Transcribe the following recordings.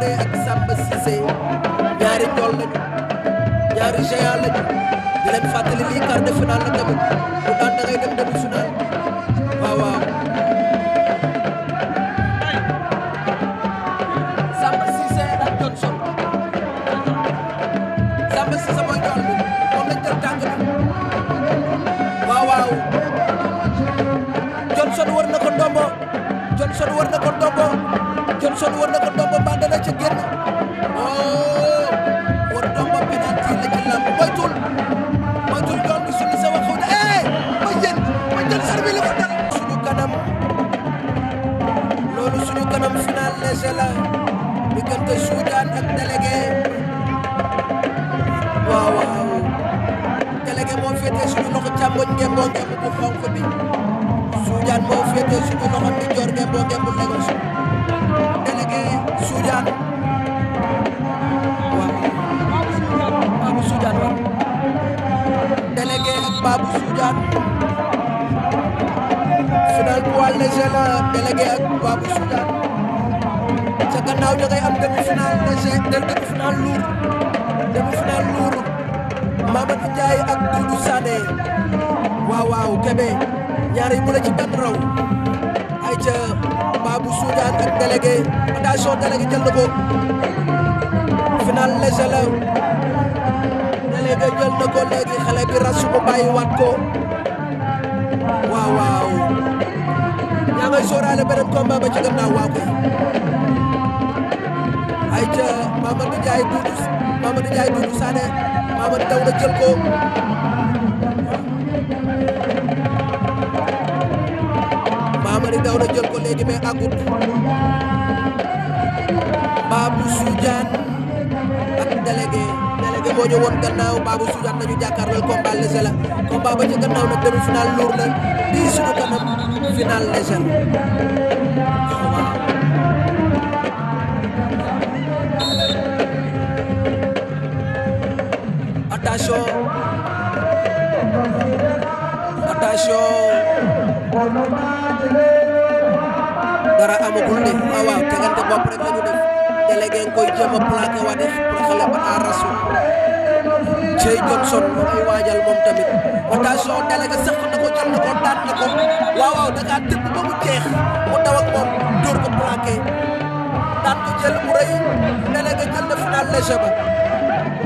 Kangaré ak Samba Cissé ñaari njool lañu ñaari géant lañu di leen fàttali lii quart de finale la tamit bu daan da ngay dem demi finale waaw waaw Samba Cissé ak Johnson Samba Cissé mooy njool bi moom lañ jël tànk bi waaw waaw Johnson war na ko ndombo Johnson war na ko ndombo Johnson war na ak délégué waaw moo féetee suñu loxo càmmoñ ngeen boo ngeen bu xonk bi Soudiane moo féetee suñu loxo bi joor ngeen boo ngeen bu Lagos délégué Soudiane waaw Babou Soudiane waaw délégué ak Babou Soudiane final poids léger la délégué ak Babou Soudiane. ginnaaw da ngay am demi-finale léger demi-finale lourd demi-finale lourd Mamadou Ndiaye ak Doudou Sané waaw waaw Kébé ñaar yi bu la ci benn ay ca Babou Soudiane ak délégué attention délégué jël na ko final léger la délégué jël na ko léegi xale bi rasu ko bàyyi waat ko waaw waaw yaa ngay sóoraale beneen combat ba ci gannaaw waaw koy daw na jël ko Mamady daw na jël ko léegi mais àggut Babou Soudiane ak délégué délégué moo ñu woon gannaaw Babou Soudiane nañu jàkkaarloo combat léger la combat ba ci gannaaw nag demi final lourd la bii suñu kanam final léger waaw. attention dara amagul de waaw ah, waaw tegante bopp rek la ñu def délégué koy jéem a wa def pour xale ba à rasul Cey Johnson moom ay waajal moom tamit attention délégué sax na ko jël na ko daan ko waaw waaw tëb ba mu jeex mu daw ak moom ko plaqué daan ko jël mu rëy délégué jël na final léger ba.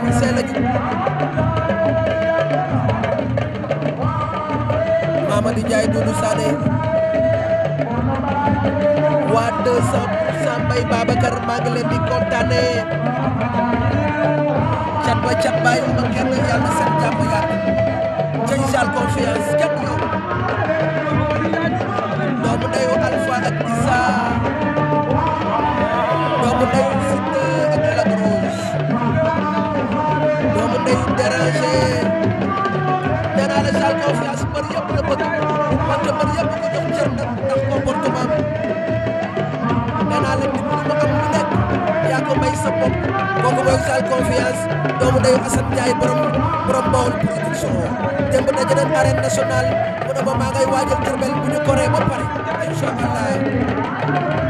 se bi see lañu Mamady Ndiaye Doudou Sané waa 200 pour cent Mbaye Babacar maa ngi leen di kontaane cat ba cat bàyyi ma kenn yàlla seen jàmm déranger déranger Saal confiance mbër yëpp la bëgg wante mbër yëpp ko jox cër ndax comportement bi nee naa la dimbali ma am lu nekk yaa ko may sa bopp kooku mooy Saal confiance doomu dayu Assane Ndiaye borom borom Bawol production démb na jëneen arène nationale mu ne maa ngay waajal Diourbel bu koree ba pare incha allah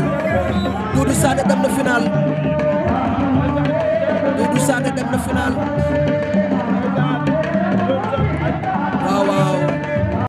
waaw Doudou Sané dem na final dem na